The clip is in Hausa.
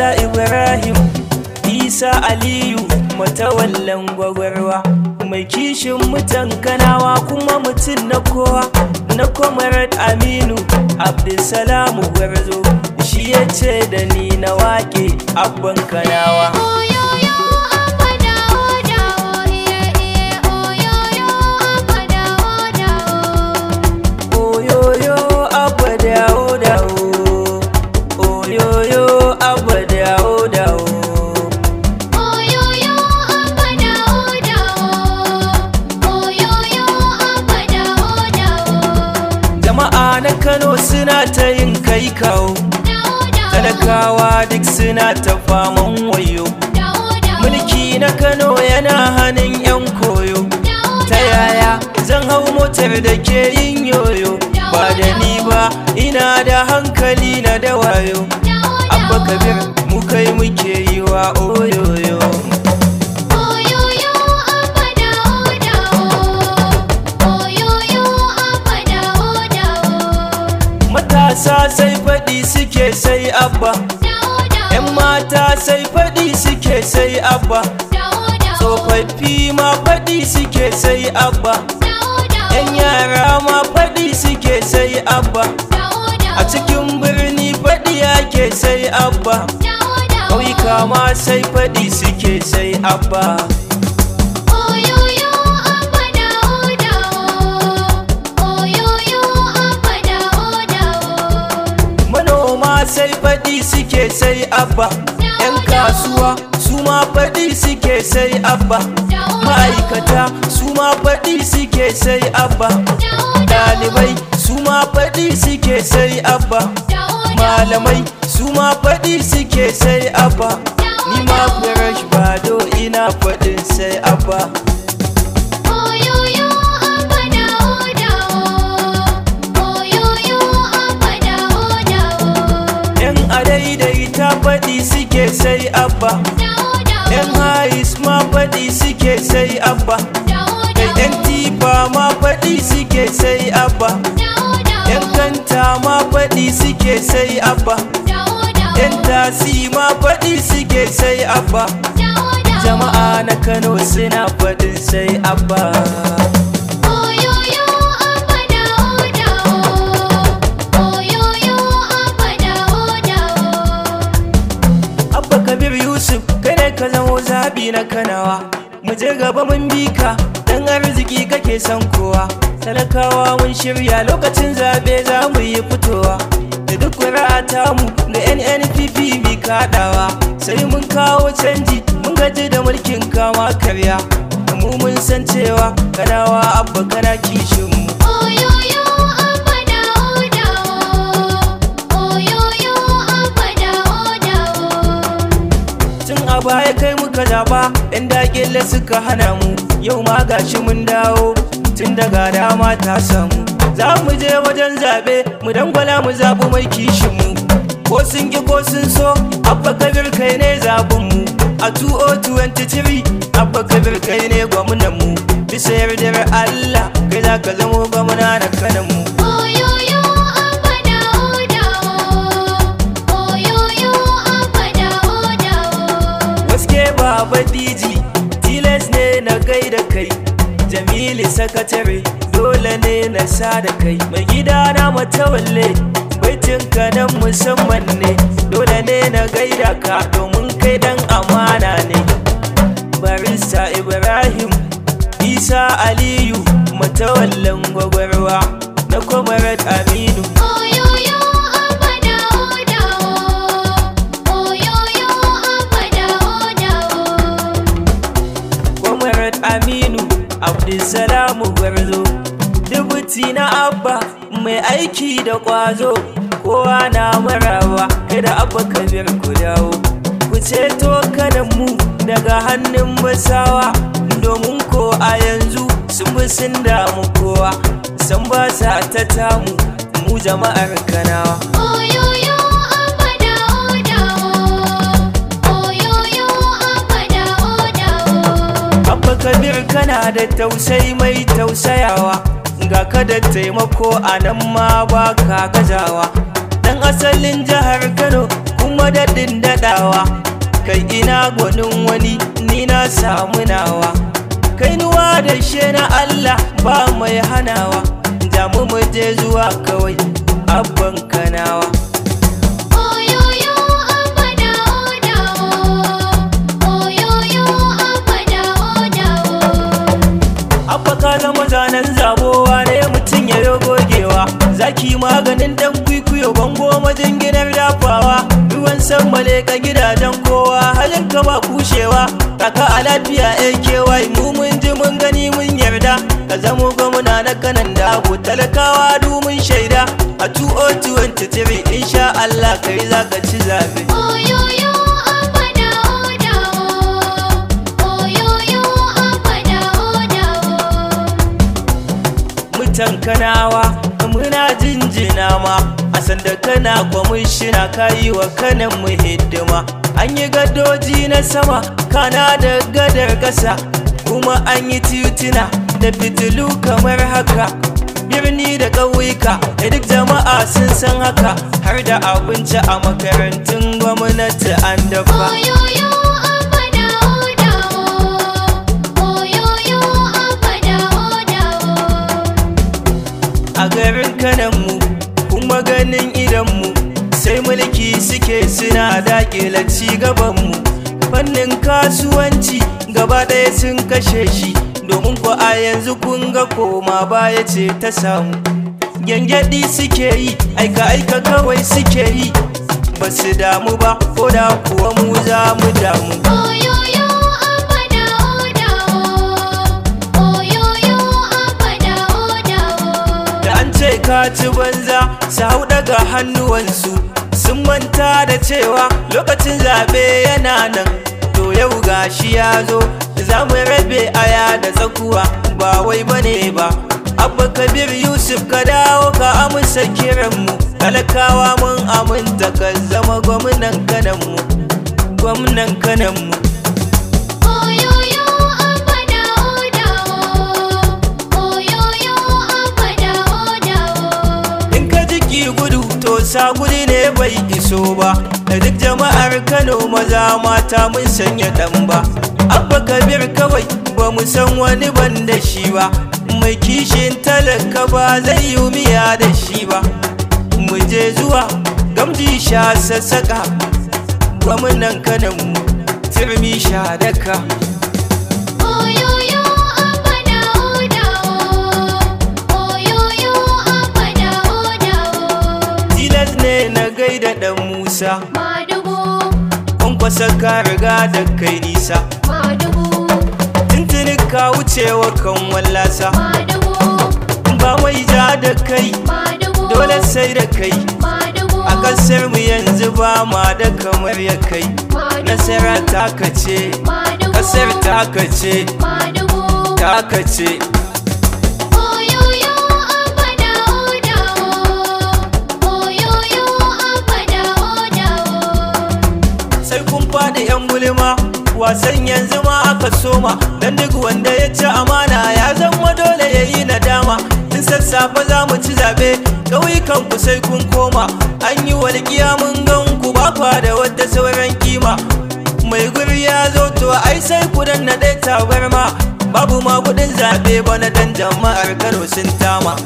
Musa Ibrahim Isa Aliyu matawallan gwagwarwa mai kishin mutan kanawa kuma mutum na kowa na Kwamarar Aminu Abdulsalam Gwarzo shi ya ce da ni na wake abban kanawa. na kano suna ta yin kai kawo talakawa duk suna ta faman wayo mulki na kano yana hannun yan koyo ta yaya zan hau motar da ke yin yoyo ba da ni ba ina da hankali na da wayo abba kabir mu kai muke yi wa oyo abba yan mata sai faɗi suke sai abba tsofaffi ma faɗi suke sai abba yan yara ma faɗi suke sai abba a cikin birni faɗi ke sai abba ƙauyuka ma sai faɗi suke sai abba faɗi suke sai abba yan kasuwa su ma faɗi suke sai abba ma'aikata su ma faɗi suke sai abba ɗalibai su ma faɗi suke sai abba malamai su ma faɗi suke sai abba a daidai ta faɗi suke sai abba yan hais ma faɗi suke sai abba kai yan tifa ma faɗi suke sai abba yan kanta ma faɗi suke sai abba yan tasi ma faɗi suke sai abba jama'a na kano suna faɗin sai abba zabi na kanawa mu je gaba mun bi ka dan arziki kake son kowa talakawa mun shirya lokacin zabe za mu yi fitowa da duk ta mu ga nnpp bi kaɗawa sai mun kawo canji mun gaji da mulkin kama karya mu mun san cewa kanawa abba kana kishin mu ba yan dakile suka hana mu yau ma gashi mun dawo tun daga dama ta samu za mu je wajen zaɓe mu dangwala mu zaɓi mai kishin mu ko sun ki ko sun so abba kabir kai ne zaɓin mu a 2023 abba kabir kai ne gwamnan mu bisa yardar allah kai za ka zamo gwamna na kanan mu baba Tiles tilas ne na gaida kai jamili sakatare dole ne na sa da kai mai gida na matawalle baitinka na musamman ne dole ne na gaida ka domin kai dan amana ne Barisa ibrahim isa aliyu matawallan gwagwarwa na kwamarar aminu abdulsalamu gwarzo dubuti na abba mai aiki da ƙwazo. kowa na marawa kada abba kabir ku dawo ku ceto mu daga hannun masawa domin ko a yanzu sun bi sun damu kowa san ba sa ta tamu mu jama'ar kanawa da tausayi mai tausayawa ga kada taimako a nan ma ba ka gajawa dan asalin jihar kano kuma daɗin daɗawa kai ina gwanin wani ni na samu nawa kai nuwa da she na allah ba mai hanawa damu mu je zuwa kawai abban kanawa ranar zabowa ne mutum ya yi gogewa zaki maganin dan kwikwiyo bango majinginar dafawa ruwan san ka gidajen kowa halin ka ba kushewa kaka a lafiya akewa mu mun ji mun gani mun yarda ka zamo gwamna na kanan da ko talakawa dumin shaida a 2023 insha Allah kai ka ci zabe can kanawa muna jinjina ma a sanda kana kwamishina kayi wa kanan mu hidima an yi gadoji na sama kana da gadar ƙasa kuma an yi tituna da fitilu kamar haka birni da ƙauyuka da duk jama'a sun san haka har da abinci a makarantun gwamnati an dafa a garin kananmu kuma ganin idanmu sai mulki suke suna dakila ci gabanmu fannin kasuwanci gaba ɗaya sun kashe shi domin ko a yanzu kun ga koma baya ce ta samu gyangyaɗi suke yi aika aika kawai suke yi ba su damu ba ko da kuwa mu za mu damu ka ci banza su hau daga hannuwansu sun manta da cewa lokacin zaɓe yana nan to yau ga shi ya zo za mu rabe aya da tsakuwa ba wai bane ba abba kabir yusuf ka dawo ka amsa kiranmu talakawa mun aminta ka zama gwamnan kananmu gwamnan kananmu sa guri ne bai iso ba da duk jama'ar kano maza mata mun sanya dan ba abba kabir kawai ba mu san wani ban da shi ba mai kishin talaka ba zai yi miya da shi ba mu je zuwa gamji sha sassaka gwamnan kanan mu turmi sha daka nisa Kun kwasa ka riga da kai nisa madugu tuntuni ka wucewa kan wallasa in ba mai ja da kai dole sai da kai a kasar mu yanzu ba ma da kamar ya kai nasara ta kace kasar ta kace ta kace kan gulma wasan yanzu ma aka soma dan duk wanda ya ci amana ya zama dole yayi nadama in sassafe za mu ci zabe kan ku sai kun koma an yi walƙiya mun gan ku ba da wadda sauran kima mai guri ya zo to ai sai ku dan na dai tabarma babu ma kudin zabe na dan jama'ar Kano sun tama